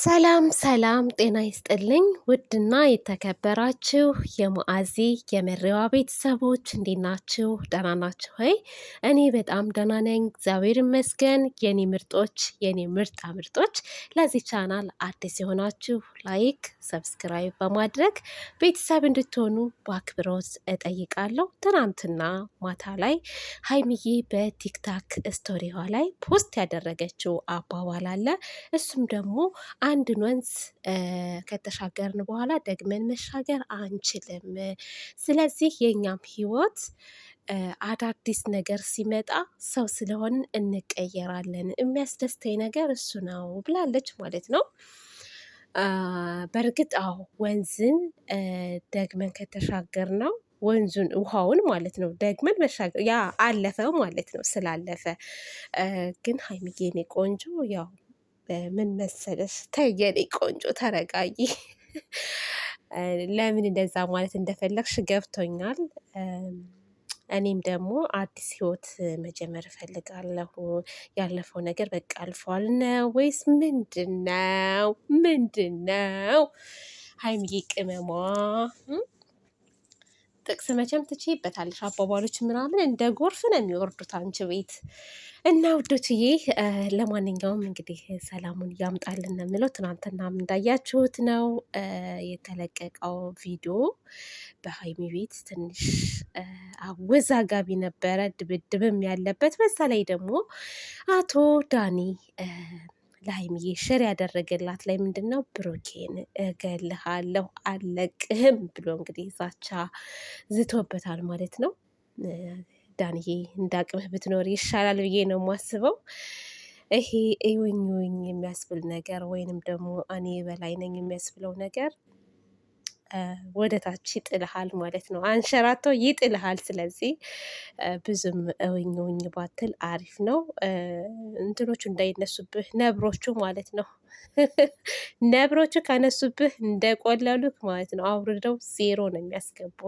ሰላም ሰላም፣ ጤና ይስጥልኝ ውድና የተከበራችሁ የሙአዚ የመሪዋ ቤተሰቦች እንዴት ናችሁ? ደህና ናችሁ ወይ? እኔ በጣም ደህና ነኝ፣ እግዚአብሔር ይመስገን። የኔ ምርጦች፣ የኔ ምርጣ ምርጦች፣ ለዚህ ቻናል አዲስ የሆናችሁ ላይክ፣ ሰብስክራይብ በማድረግ ቤተሰብ እንድትሆኑ በአክብሮት እጠይቃለሁ። ትናንትና ማታ ላይ ሀይሚዬ በቲክታክ ስቶሪዋ ላይ ፖስት ያደረገችው አባባል አለ እሱም ደግሞ አንድን ወንዝ ከተሻገርን በኋላ ደግመን መሻገር አንችልም። ስለዚህ የእኛም ህይወት አዳዲስ ነገር ሲመጣ ሰው ስለሆን እንቀየራለን። የሚያስደስተኝ ነገር እሱ ነው ብላለች ማለት ነው። በእርግጥ አዎ ወንዝን ደግመን ከተሻገር ነው ወንዙን ውሃውን ማለት ነው ደግመን መሻገር ያ አለፈው ማለት ነው ስላለፈ ግን ሀይሚዬ የኔ ቆንጆ ያው ምን መሰለሽ ተየኔ ቆንጆ ተረጋጊ። ለምን እንደዛ ማለት እንደፈለግሽ ገብቶኛል። እኔም ደግሞ አዲስ ህይወት መጀመር እፈልጋለሁ። ያለፈው ነገር በቃ አልፏል ነው ወይስ ምንድን ነው? ምንድን ነው? ሀይሚዬ ቅመሟ ጥቅስ መቼም ትችይበታለሽ። አባባሎች ምናምን እንደ ጎርፍ ነው የሚወርዱት አንቺ ቤት እና ውዶችዬ፣ ለማንኛውም እንግዲህ ሰላሙን እያምጣልን ነው የሚለው። ትናንትና እንዳያችሁት ነው የተለቀቀው ቪዲዮ በሀይሚ ቤት ትንሽ አወዛጋቢ ነበረ፣ ድብድብም ያለበት በዛ ላይ ደግሞ አቶ ዳኒ ለሀይሚዬ ሸር ያደረገላት ላይ ምንድን ነው ብሩኬን እገልሃለሁ አለቅህም ብሎ እንግዲህ ዛቻ ዝቶበታል ማለት ነው። ዳንዬ እንዳቅምህ ብትኖር ይሻላል ብዬ ነው የማስበው። ይሄ እዩኝ ውኝ የሚያስብል ነገር ወይንም ደግሞ እኔ በላይ ነኝ የሚያስብለው ነገር ወደ ታች ይጥልሃል ማለት ነው። አንሸራቶ ይጥልሃል። ስለዚህ ብዙም እውኝ ባትል አሪፍ ነው። እንትኖቹ እንዳይነሱብህ ነብሮቹ ማለት ነው። ነብሮቹ ከነሱብህ እንደቆለሉት ማለት ነው። አውርደው ዜሮ ነው የሚያስገቡ፣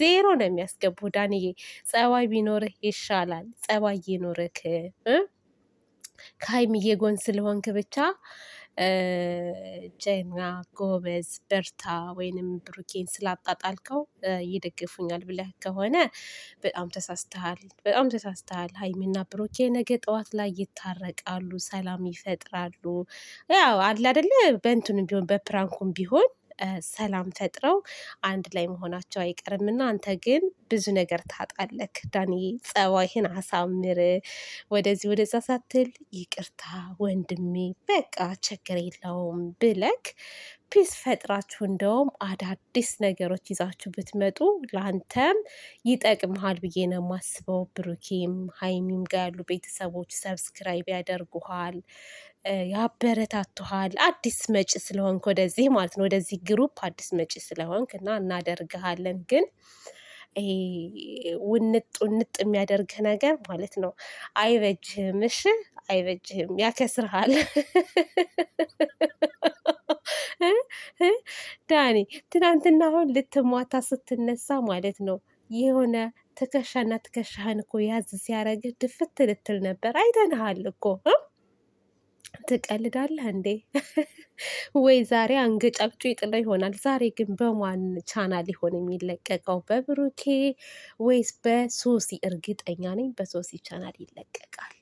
ዜሮ ነው የሚያስገቡ። ዳንዬ ጸባይ ቢኖርህ ይሻላል። ጸባይ ይኖርክ ከሀይሚዬ ጎን ስለሆንክ ብቻ ጀግና ጎበዝ በርታ ወይንም ብሩኬን ስላጣጣልከው ይደግፉኛል ብለህ ከሆነ በጣም ተሳስተሃል፣ በጣም ተሳስተሃል። ሀይሚና ብሩኬ ነገ ጠዋት ላይ ይታረቃሉ፣ ሰላም ይፈጥራሉ። ያው አለ አይደለ ቢሆን በፕራንኩም ቢሆን ሰላም ፈጥረው አንድ ላይ መሆናቸው አይቀርም እና አንተ ግን ብዙ ነገር ታጣለክ ዳኒ። ጸባይህን አሳምር፣ ወደዚህ ወደዛ ሳትል ይቅርታ ወንድሜ፣ በቃ ችግር የለውም ብለክ ፒስ ፈጥራችሁ እንደውም አዳዲስ ነገሮች ይዛችሁ ብትመጡ ለአንተም ይጠቅምሃል ብዬ ነው የማስበው። ብሩኬም ሀይሚም ጋር ያሉ ቤተሰቦች ሰብስክራይብ ያደርጉሃል፣ ያበረታቱሃል። አዲስ መጪ ስለሆንክ ወደዚህ ማለት ነው ወደዚህ ግሩፕ አዲስ መጪ ስለሆንክ እና እናደርግሃለን ግን ውንጥ ውንጥ የሚያደርግህ ነገር ማለት ነው አይበጅህም። እሺ አይበጅህም፣ ያከስርሃል። ዳኒ ትናንትና አሁን ልትሟታ ስትነሳ ማለት ነው የሆነ ትከሻና ትከሻህን እኮ ያዝ ሲያደርግ ድፍት ልትል ነበር። አይተንሃል እኮ ትቀልዳለህ እንዴ? ወይ ዛሬ አንገጫብጩ ጥላ ይሆናል። ዛሬ ግን በማን ቻናል ሊሆን የሚለቀቀው? በብሩኬ ወይስ በሶሲ? እርግጠኛ ነኝ በሶሲ ቻናል ይለቀቃል።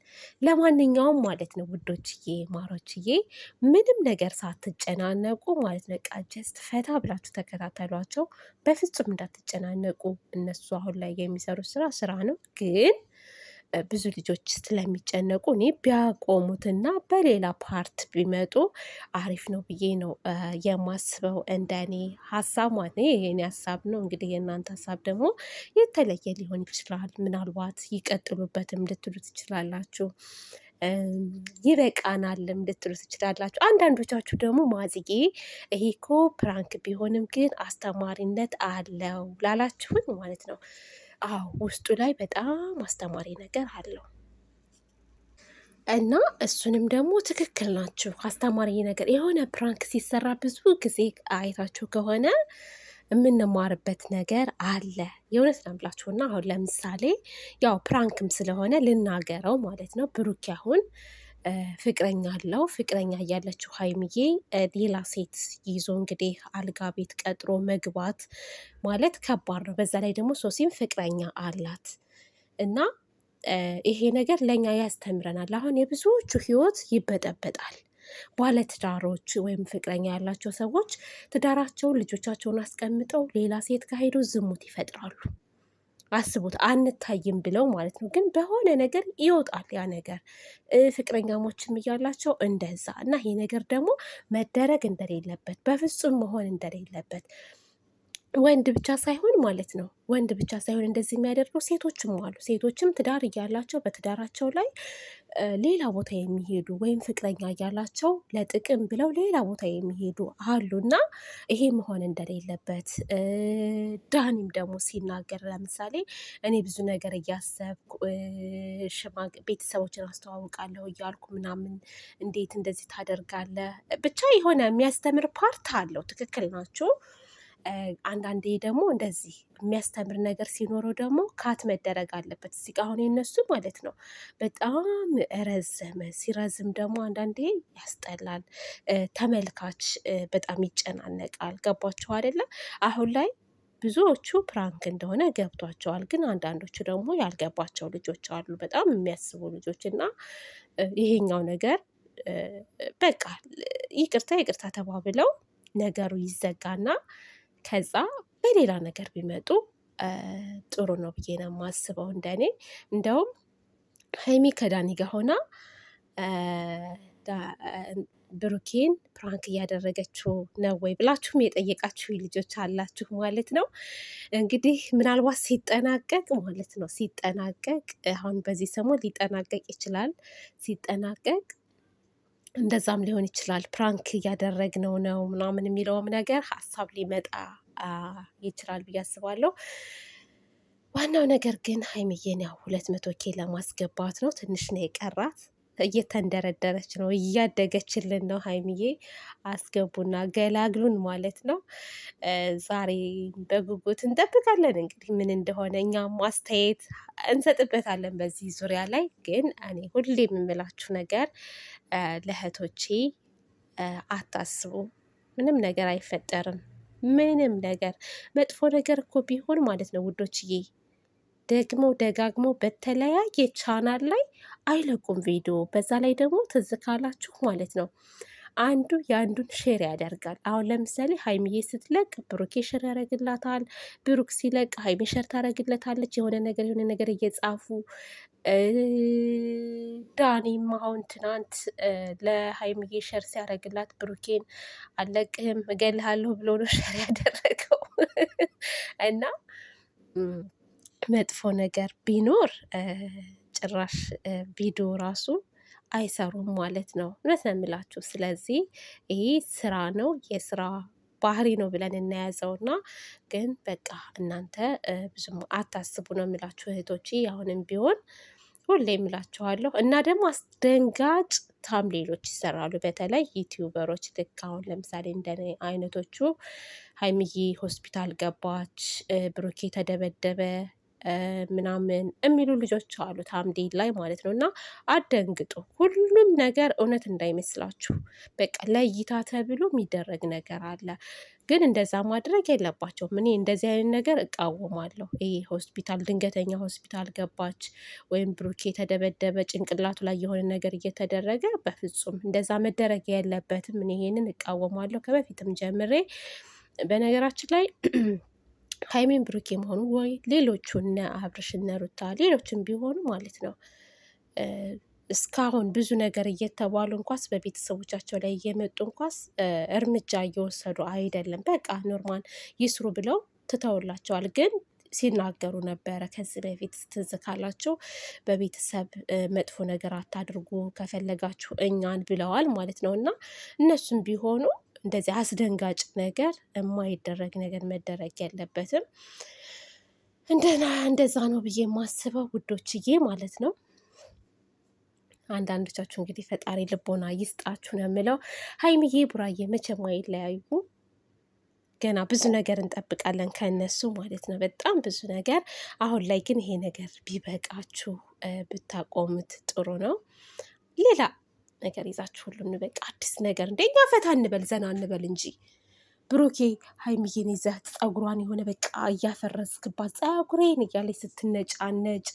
ለማንኛውም ማለት ነው ውዶችዬ ማሮችዬ ምንም ነገር ሳትጨናነቁ ማለት ነው ቃ ጀስት ፈታ ብላችሁ ተከታተሏቸው። በፍጹም እንዳትጨናነቁ። እነሱ አሁን ላይ የሚሰሩት ስራ ስራ ነው ግን ብዙ ልጆች ስለሚጨነቁ እኔ ቢያቆሙትና በሌላ ፓርት ቢመጡ አሪፍ ነው ብዬ ነው የማስበው። እንደኔ ሀሳብ ማለት ነው። የኔ ሀሳብ ነው። እንግዲህ የእናንተ ሀሳብ ደግሞ የተለየ ሊሆን ይችላል። ምናልባት ይቀጥሉበትም ልትሉ ትችላላችሁ። ይበቃናልም ልትሉ ትችላላችሁ። አንዳንዶቻችሁ ደግሞ ማዝጌ ይሄ እኮ ፕራንክ ቢሆንም ግን አስተማሪነት አለው ላላችሁኝ ማለት ነው አዎ ውስጡ ላይ በጣም አስተማሪ ነገር አለው እና እሱንም ደግሞ ትክክል ናችሁ። አስተማሪ ነገር የሆነ ፕራንክ ሲሰራ ብዙ ጊዜ አይታችሁ ከሆነ የምንማርበት ነገር አለ። የእውነት ነው ብላችሁና አሁን ለምሳሌ ያው ፕራንክም ስለሆነ ልናገረው ማለት ነው ብሩክ አሁን ፍቅረኛ አለው። ፍቅረኛ እያለችው ሀይምዬ ሌላ ሴት ይዞ እንግዲህ አልጋ ቤት ቀጥሮ መግባት ማለት ከባድ ነው። በዛ ላይ ደግሞ ሶሲም ፍቅረኛ አላት እና ይሄ ነገር ለእኛ ያስተምረናል። አሁን የብዙዎቹ ህይወት ይበጠበጣል። ባለ ትዳሮች ወይም ፍቅረኛ ያላቸው ሰዎች ትዳራቸውን ልጆቻቸውን አስቀምጠው ሌላ ሴት ጋር ሄዶ ዝሙት ይፈጥራሉ። አስቡት አንታይም ብለው ማለት ነው። ግን በሆነ ነገር ይወጣል ያ ነገር። ፍቅረኛሞችም እያላቸው እንደዛ እና ይሄ ነገር ደግሞ መደረግ እንደሌለበት በፍጹም መሆን እንደሌለበት ወንድ ብቻ ሳይሆን ማለት ነው። ወንድ ብቻ ሳይሆን እንደዚህ የሚያደርገው ሴቶችም አሉ። ሴቶችም ትዳር እያላቸው በትዳራቸው ላይ ሌላ ቦታ የሚሄዱ ወይም ፍቅረኛ እያላቸው ለጥቅም ብለው ሌላ ቦታ የሚሄዱ አሉና ይሄ መሆን እንደሌለበት ዳኒም ደግሞ ሲናገር ለምሳሌ እኔ ብዙ ነገር እያሰብኩ ቤተሰቦችን አስተዋውቃለሁ እያልኩ ምናምን እንዴት እንደዚህ ታደርጋለህ? ብቻ የሆነ የሚያስተምር ፓርት አለው። ትክክል ናቸው። አንዳንዴ ደግሞ እንደዚህ የሚያስተምር ነገር ሲኖረው ደግሞ ካት መደረግ አለበት። እዚህ ጋ አሁን የነሱ ማለት ነው በጣም ረዘመ። ሲረዝም ደግሞ አንዳንዴ ያስጠላል፣ ተመልካች በጣም ይጨናነቃል። ገባችሁ አይደለ? አሁን ላይ ብዙዎቹ ፕራንክ እንደሆነ ገብቷቸዋል። ግን አንዳንዶቹ ደግሞ ያልገባቸው ልጆች አሉ፣ በጣም የሚያስቡ ልጆች እና ይሄኛው ነገር በቃ ይቅርታ ይቅርታ ተባብለው ነገሩ ይዘጋና ከዛ በሌላ ነገር ቢመጡ ጥሩ ነው ብዬ ነው የማስበው። እንደኔ እንደውም ሀይሚ ከዳኒ ጋር ሆና ብሩኬን ፕራንክ እያደረገችው ነው ወይ ብላችሁም የጠየቃችሁ ልጆች አላችሁ ማለት ነው። እንግዲህ ምናልባት ሲጠናቀቅ ማለት ነው ሲጠናቀቅ አሁን በዚህ ሰሞን ሊጠናቀቅ ይችላል። ሲጠናቀቅ እንደዛም ሊሆን ይችላል ፕራንክ እያደረግነው ነው ምናምን የሚለውም ነገር ሀሳብ ሊመጣ ይችላል ብዬ አስባለሁ። ዋናው ነገር ግን ሀይሚዬን ያው ሁለት መቶ ኬ ለማስገባት ነው። ትንሽ ነው የቀራት። እየተንደረደረች ነው፣ እያደገችልን ነው። ሀይሚዬ አስገቡና ገላግሉን ማለት ነው። ዛሬ በጉጉት እንጠብቃለን እንግዲህ ምን እንደሆነ። እኛም አስተያየት እንሰጥበታለን በዚህ ዙሪያ ላይ። ግን እኔ ሁሌ የምምላችሁ ነገር ለእህቶቼ አታስቡ፣ ምንም ነገር አይፈጠርም። ምንም ነገር መጥፎ ነገር እኮ ቢሆን ማለት ነው ውዶችዬ ደግሞ ደጋግሞ በተለያየ ቻናል ላይ አይለቁም ቪዲዮ። በዛ ላይ ደግሞ ትዝ ካላችሁ ማለት ነው አንዱ የአንዱን ሼር ያደርጋል። አሁን ለምሳሌ ሀይሚዬ ስትለቅ ብሩኬ ሼር ያደረግላታል፣ ብሩክ ሲለቅ ሀይሜ ሸር ታደረግለታለች። የሆነ ነገር የሆነ ነገር እየጻፉ ዳኒም አሁን ትናንት ለሀይሚዬ ሸር ሲያደርግላት ብሩኬን አለቅህም እገልሃለሁ ብሎ ነው ሸር ያደረገው እና መጥፎ ነገር ቢኖር ጭራሽ ቪዲዮ ራሱ አይሰሩም ማለት ነው። እውነት ነው የምላችሁ። ስለዚህ ይህ ስራ ነው የስራ ባህሪ ነው ብለን እናያዘው እና ግን በቃ እናንተ ብዙም አታስቡ ነው የምላችሁ እህቶች። አሁንም ቢሆን ሁሌ የምላችኋለሁ እና ደግሞ አስደንጋጭ ታምሌሎች ይሰራሉ። በተለይ ዩቲዩበሮች ልክ አሁን ለምሳሌ እንደ አይነቶቹ ሀይምዬ ሆስፒታል ገባች፣ ብሩኬ ተደበደበ ምናምን የሚሉ ልጆች አሉ ታምዴን ላይ ማለት ነው። እና አደንግጡ። ሁሉም ነገር እውነት እንዳይመስላችሁ። በቃ ለእይታ ተብሎ የሚደረግ ነገር አለ። ግን እንደዛ ማድረግ የለባቸውም። እኔ እንደዚህ አይነት ነገር እቃወማለሁ። ይሄ ሆስፒታል፣ ድንገተኛ ሆስፒታል ገባች ወይም ብሩኬ የተደበደበ ጭንቅላቱ ላይ የሆነ ነገር እየተደረገ በፍጹም እንደዛ መደረግ የለበትም። እኔ ይሄንን እቃወማለሁ ከበፊትም ጀምሬ በነገራችን ላይ ሃይሚን ብሩክ የመሆኑ ወይ ሌሎቹ እነ አብርሽ እነ ሩታ ሌሎችን ቢሆኑ ማለት ነው እስካሁን ብዙ ነገር እየተባሉ እንኳስ በቤተሰቦቻቸው ላይ እየመጡ እንኳስ እርምጃ እየወሰዱ አይደለም። በቃ ኖርማል ይስሩ ብለው ትተውላቸዋል። ግን ሲናገሩ ነበረ ከዚህ በፊት ትዝ ካላችሁ በቤተሰብ መጥፎ ነገር አታድርጉ ከፈለጋችሁ እኛን ብለዋል ማለት ነው እና እነሱም ቢሆኑ እንደዚህ አስደንጋጭ ነገር የማይደረግ ነገር መደረግ ያለበትም እንደና እንደዛ ነው ብዬ የማስበው ውዶችዬ ማለት ነው። አንዳንዶቻችሁ እንግዲህ ፈጣሪ ልቦና ይስጣችሁ ነው የምለው። ሀይሚዬ ቡራዬ መቼም አይለያዩ። ገና ብዙ ነገር እንጠብቃለን ከእነሱ ማለት ነው፣ በጣም ብዙ ነገር። አሁን ላይ ግን ይሄ ነገር ቢበቃችሁ ብታቆሙት ጥሩ ነው። ሌላ ነገር ይዛችሁ ሁሉ እንበቃ አዲስ ነገር እንደ እኛ ፈታ እንበል ዘና እንበል እንጂ ብሩኬ ሀይሚዬን ይዘህ ፀጉሯን የሆነ በቃ እያፈረስክባት ፀጉሬን እያለች ስትነጫነጭ